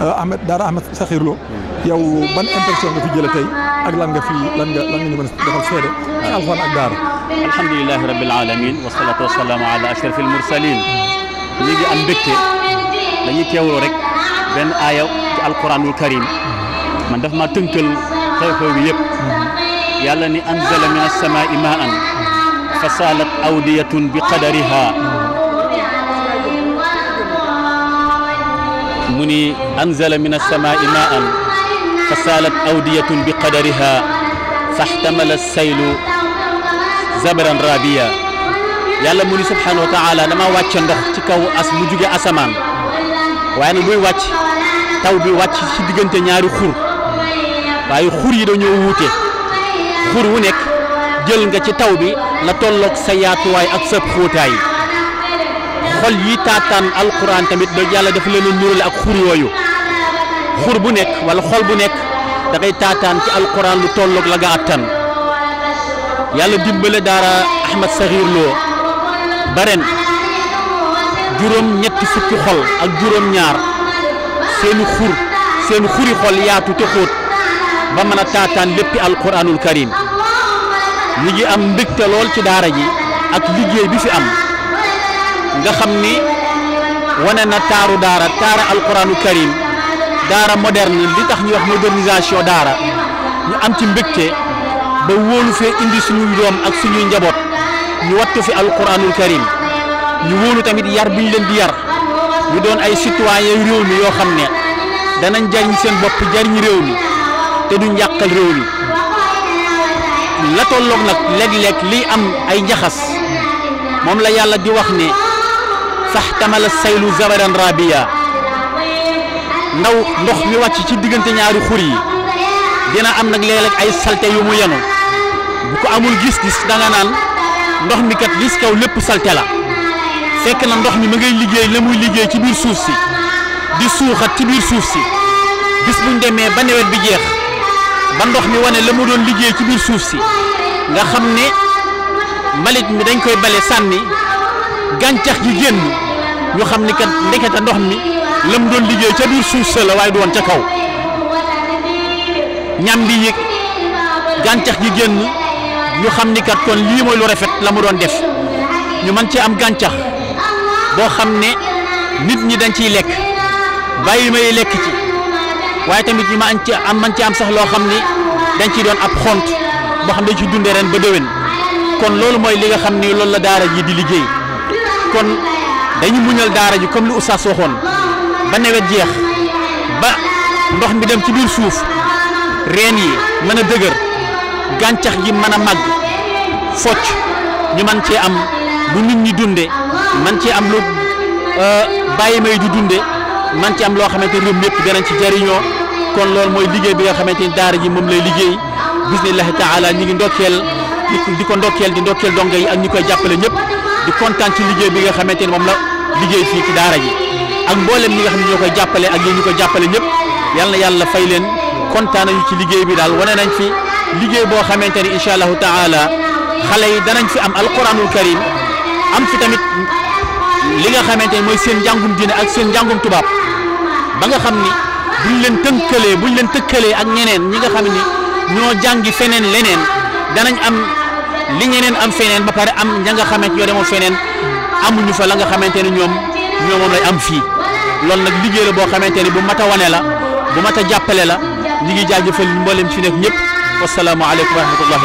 Euh, Ahmed Daara Ahmed Sakhir Lo yow ban impression nga fi jëlee tey ak lan nga fi lan nga lan nga ñu mën a defal seede ci alxuraan ak daara alhamdulilahi rabbil alamin wasalaatu wasalaamu ala ashrafil mursalin ñi ngi am mbégte dañuy teewloo rek benn aaya ci alquranul karim man daf ma tënkal xew-xew bi yëpp yàlla ni anzala min asamaai maan fa saalat awdiyatun bi qadariha mu ni anzala min alsamaai maan fa saalat awdiyatun bi qadariha faxtamala saylu zabran rabiya yàlla mu ni subhanahu wa taala dama wàcc ndox ci kaw as mu asamaan waaye nag buy wàcc taw bi wàcc ci diggante ñaari xur waaye xur yi dañoo wuute xur wu nekk jël nga ci taw bi la tolloog sa yaatuwaay ak sa xóotaay xol yi taataan alquran tamit ba yàlla dafa leen a nurale ak xur yooyu xur bu nekk walla xol bu nekk da ngay taataan ci alquran lu tolloog la nga attan yàlla dimbale daara Ahmed Sakhir Lo ba juróom ñetti fukki xol ak juróom ñaar seeni xur seen xuri xol yaatu te xóot ba mën a taataan léppi alquranul karim ñu ngi am mbégte lool ci daara ji ak liggéey bi fi am nga xam ni wane na taaru daara taara alquranu karim daara moderne li tax ñuy wax modernisation daara ñu am ci mbégte ba wóolu fee indi suñuy doom ak suñuy njaboot ñu wattu fi alquranul karim ñu wóolu tamit yar bi ñu leen di yar ñu doon ay citoyen réew mi yoo xam ne danañ jariñ seen bopp jariñ réew mi te du yàqal réew mi la tolloog nag léeg-léeg liy am ay njaxas moom la yàlla di wax ne faxtamala saylu zabaran rabia ndaw ndox mi wàcc ci diggante ñaari xur yi dina am nag léeg-léeg ay salte yu mu yenu bu ko amul gis-gis da naan ndox mi kat gis kaw lépp salte la fekk na ndox mi ma ngay liggéey la muy liggéey ci biir suuf si di suuxat ci biir suuf si gis buñ demee ba nawet bi jeex ba ndox mi wane la mu doon liggéey ci biir suuf si nga xam ne mbalit mi dañ koy bale sànni gàncax gi génn ñu xam ni kat ndekete ndox mi lam doon liggéey ca biir suuf sa la waaye du woon ca kaw ñam bi yëg gàncax gi génn ñu xam ni kat kon lii mooy lu rafet la mu doon def ñu man ci am gàncax boo xam ne nit ñi dañ ciy lekk bàyyi may lekk ci waaye tamit ñu ma añ ci am man ci am sax loo xam ni dañ ciy doon ab xont boo xam dañ ci dundee ren ba déwén kon loolu mooy li nga xam ni loolu la daara ji di liggéey dañu muñal daara ji comme li oustaz waxoon ba nawet jeex ba ndox mi dem ci biir suuf reen yi mën a dëgër gàncax gi mën a màgg focc ñu mën cee am lu nit ñi dunde man cee am lu euh, bàyyi may di dunde man ci am loo xamante ni ñoom ñëpp danañ ci jariñoo kon lool mooy liggéey bi nga xamante ni daara ji moom lay liggéey bismillahi taala ñi ngi ndokkeel di ko ndokkeel di ndokkeel donga yi ak ñi koy jàppale ñëpp di kontaan ci liggéey bi nga xamante ni moom la liggéey fii ci daara ji ak mboolem ñi nga xam ne ñoo koy jàppale ak yéen ñu ko jàppale ñëpp yal na yàlla fay leen kontaan nañu ci liggéey bi daal wane nañ fi liggéey boo xamante ni incha allahu taala xale yi danañ fi am alquranul karim am fi tamit li nga xamante ni mooy seen njàngum diine ak seen njàngum tubaab ba nga xam ni buñ leen tënkalee buñ leen tëkkalee ak ñeneen ñi nga xam ni ñoo jàngi feneen leneen danañ am li ñeneen am feneen ba pare am ña nga xamante yoo demoo feneen amuñu fa la nga xamante ni ñoom ñoom moom lay am fii loolu nag liggéey la boo xamante ni bu mat a wane la bu mat a jàppale la ñu ngi jaajëfal mboolem fi nekk ñëpp wasalaamaaleykum wa rahmatullah